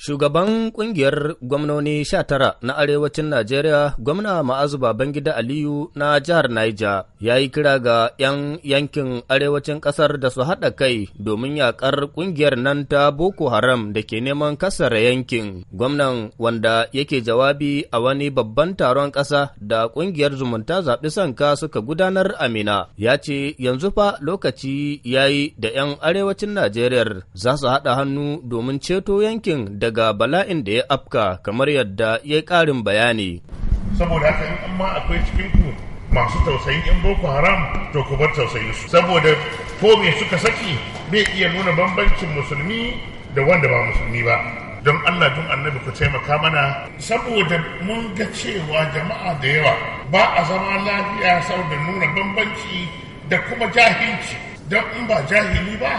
Shugaban ƙungiyar gwamnoni sha tara na arewacin Najeriya, gwamna Ma'azu Babangida Aliyu na jihar Niger ya yi kira ga 'yan yankin arewacin ƙasar da su haɗa kai domin yaƙar ƙungiyar nan ta Boko Haram da ke neman kasar yankin. Gwamnan wanda yake jawabi a wani babban taron ƙasa da ƙungiyar zumunta zaɓi sanka suka gudanar Amina ya ce yanzu fa lokaci ya yi da 'yan arewacin Najeriya za su haɗa hannu domin ceto yankin da daga bala'in da ya afka kamar yadda ya yi ƙarin bayani. Saboda haka in amma akwai cikinku masu tausayin 'yan Boko Haram to ku bar tausayin su. Saboda ko me suka saki bai iya nuna bambancin musulmi da wanda ba musulmi ba. Don Allah don annabi ku taimaka mana saboda mun ga cewa jama'a da yawa ba a zama lafiya saboda nuna bambanci da kuma jahilci. Don in ba jahili ba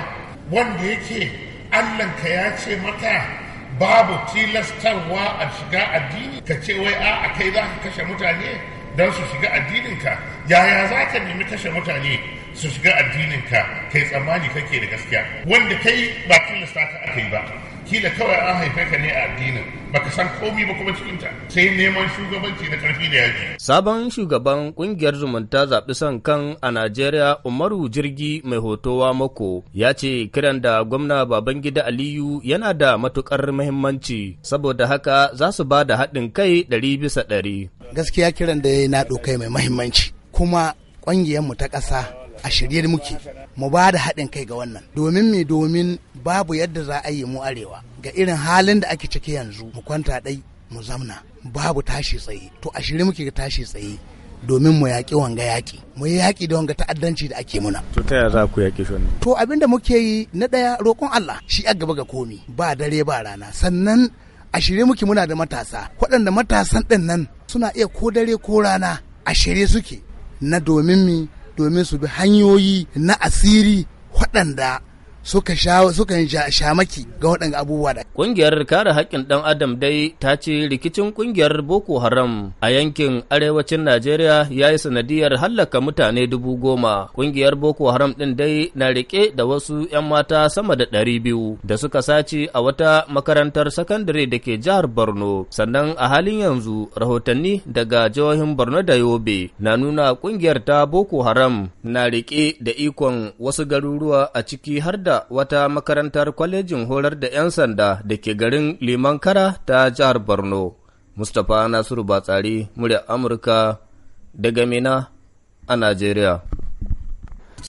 wanda yake Allahnka ya ce mata? babu tilastarwa a shiga addini ka ce wai a kai za ka kashe mutane don su shiga addininka yaya za ka nemi kashe mutane su shiga addininka kai tsammani kake da gaskiya wanda kai ba tilasta ka aka yi ba kila kawai an haife ka ne a addinin baka san komi ba kuma cikinta sai neman shugabanci da karfi da yaki. Sabon shugaban kungiyar zumunta zaɓi son kan a Najeriya Umaru Jirgi mai hotowa mako ya ce kiran da gwamna Babangida Aliyu yana da matukar muhimmanci saboda haka za su ba da haɗin kai ɗari bisa ɗari. Gaskiya kiran da ya yi na ɗokai mai muhimmanci kuma mu ta ƙasa a shirye muke mu ba da haɗin kai ga wannan domin me domin babu yadda za a yi mu arewa ga irin halin da ake ciki yanzu mu kwanta ɗai mu zamna babu tashi tsaye to a shirye muke ga tashi tsaye domin mu yaƙi wanga yaƙi mu yi yaƙi da wanga ta'addanci da ake muna to ta za ku yaƙi shi to abin da muke yi na ɗaya roƙon Allah shi a gaba ga komi ba dare ba rana sannan a shirye muke muna da matasa waɗanda matasan ɗin nan suna iya ko dare ko rana a shirye suke na domin mi domin su bi hanyoyi na asiri waɗanda suka shamaki ga waɗanda abubuwa da. Ƙungiyar kare haƙƙin ɗan Adam dai ta ce rikicin ƙungiyar Boko Haram a yankin arewacin Najeriya ya yi sanadiyar hallaka mutane dubu goma. Ƙungiyar Boko Haram ɗin dai na riƙe da wasu 'yan mata sama da ɗari biyu da suka sace a wata makarantar sakandare da ke jihar Borno. Sannan a halin yanzu rahotanni daga jihohin Borno da Yobe na nuna ƙungiyar ta Boko Haram na riƙe da ikon wasu garuruwa a ciki har da da wata makarantar kwalejin horar da 'yan sanda da ke garin Liman Kara ta jihar Borno. Mustapha Nasiru Batsari, murya Amurka daga Mina a Najeriya.